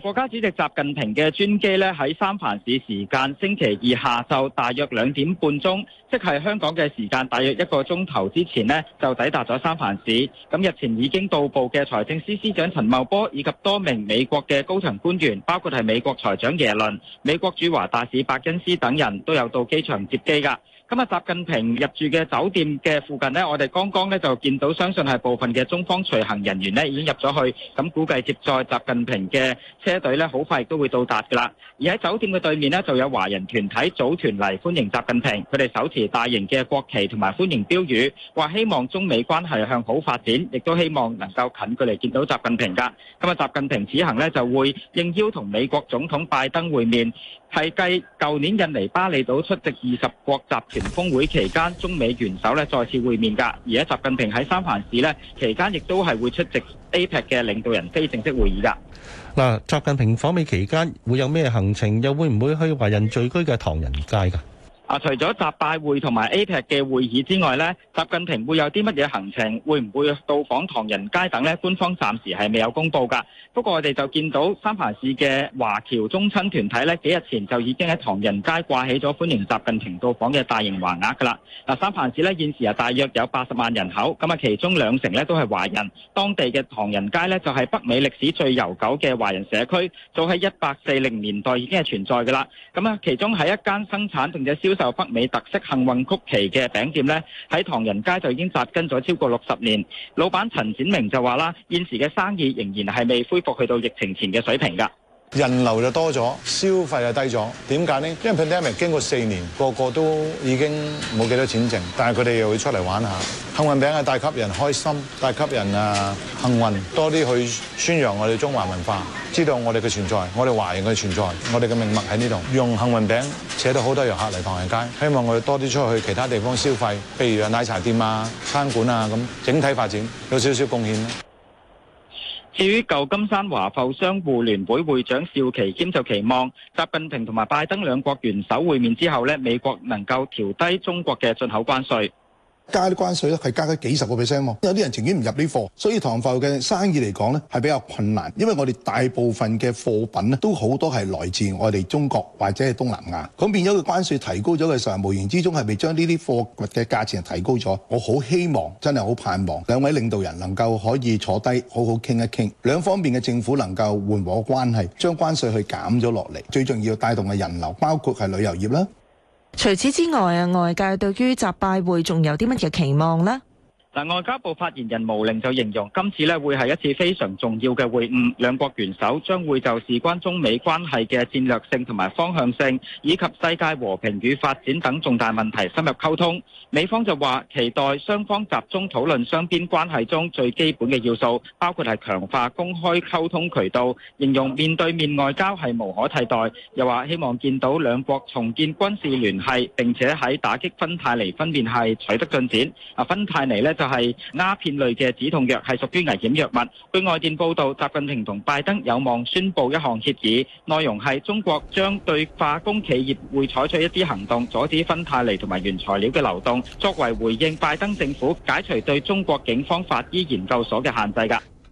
國家主席習近平嘅專機咧，喺三藩市時間星期二下晝大約兩點半鐘，即係香港嘅時間大約一個鐘頭之前，就抵達咗三藩市。咁日前已經到步嘅財政司司長陳茂波以及多名美國嘅高層官員，包括係美國財長耶倫、美國駐華大使伯恩斯等人，都有到機場接機㗎。今日習近平入住嘅酒店嘅附近呢，我哋剛剛呢就見到，相信係部分嘅中方隨行人員呢已經入咗去。咁估計接載習近平嘅車隊呢，好快都會到達㗎喇。而喺酒店嘅對面呢，就有華人團體組團嚟歡迎習近平，佢哋手持大型嘅國旗同埋歡迎標語，話希望中美關係向好發展，亦都希望能夠近距離見到習近平㗎。咁啊，習近平此行呢就會應邀同美國總統拜登會面，係繼舊年印尼巴厘島出席二十國集峯會期間，中美元首呢再次會面噶。而喺習近平喺三藩市呢期間，亦都係會出席 APEC 嘅領導人非正式會議噶。嗱，習近平訪美期間會有咩行程？又會唔會去華人聚居嘅唐人街噶？啊！除咗習拜會同埋 APEC 嘅會議之外呢，習近平會有啲乜嘢行程？會唔會到訪唐人街等呢，官方暫時係未有公布㗎。不過我哋就見到三藩市嘅華僑中親團體呢幾日前就已經喺唐人街掛起咗歡迎習近平到訪嘅大型橫額㗎啦。嗱、啊，三藩市呢現時啊，大約有八十萬人口，咁啊，其中兩成呢都係華人。當地嘅唐人街呢，就係、是、北美歷史最悠久嘅華人社區，早喺一八四零年代已經係存在㗎啦。咁啊，其中喺一間生產並且消息就北美特色幸運曲奇嘅餅店咧，喺唐人街就已經扎根咗超過六十年。老闆陳展明就話啦，現時嘅生意仍然係未恢復去到疫情前嘅水平噶。人流就多咗，消費就低咗。點解咧？因為 pandemic 經過四年，個個都已經冇幾多錢剩，但係佢哋又會出嚟玩下。幸運餅係帶給人開心，帶給人啊幸運，多啲去宣揚我哋中華文化，知道我哋嘅存在，我哋華人嘅存在，我哋嘅命脈喺呢度，用幸運餅。扯到好多遊客嚟唐人街，希望我哋多啲出去其他地方消費，譬如啊奶茶店啊、餐館啊咁，整體發展有少少貢獻咯。至於舊金山華埠商戶聯會會，會長邵琪堅就期望習近平同埋拜登兩國元首會面之後呢，美國能夠調低中國嘅進口關稅。加啲關稅咧，係加咗幾十個 percent，有啲人情願唔入啲貨，所以唐埠嘅生意嚟講咧，係比較困難，因為我哋大部分嘅貨品咧，都好多係來自我哋中國或者係東南亞，咁變咗個關稅提高咗嘅時候，無形之中係咪將呢啲貨物嘅價錢提高咗？我好希望真係好盼望兩位領導人能夠可以坐低好好傾一傾，兩方面嘅政府能夠緩和關係，將關稅去減咗落嚟，最重要帶動嘅人流包括係旅遊業啦。除此之外啊，外界對於習拜會仲有啲乜嘢期望咧？外交部發言人毛寧就形容今次咧會係一次非常重要嘅會晤，兩國元首將會就事關中美關係嘅戰略性同埋方向性，以及世界和平與發展等重大問題深入溝通。美方就話期待雙方集中討論雙邊關係中最基本嘅要素，包括係強化公開溝通渠道，形容面對面外交係無可替代。又話希望見到兩國重建軍事聯繫，並且喺打擊芬太尼分辨係取得進展。啊，芬太尼呢就是。係鴉片類嘅止痛藥，係屬於危險藥物。據外電報道，習近平同拜登有望宣布一項協議，內容係中國將對化工企業會採取一啲行動，阻止芬太尼同埋原材料嘅流動。作為回應，拜登政府解除對中國警方法醫研究所嘅限制噶。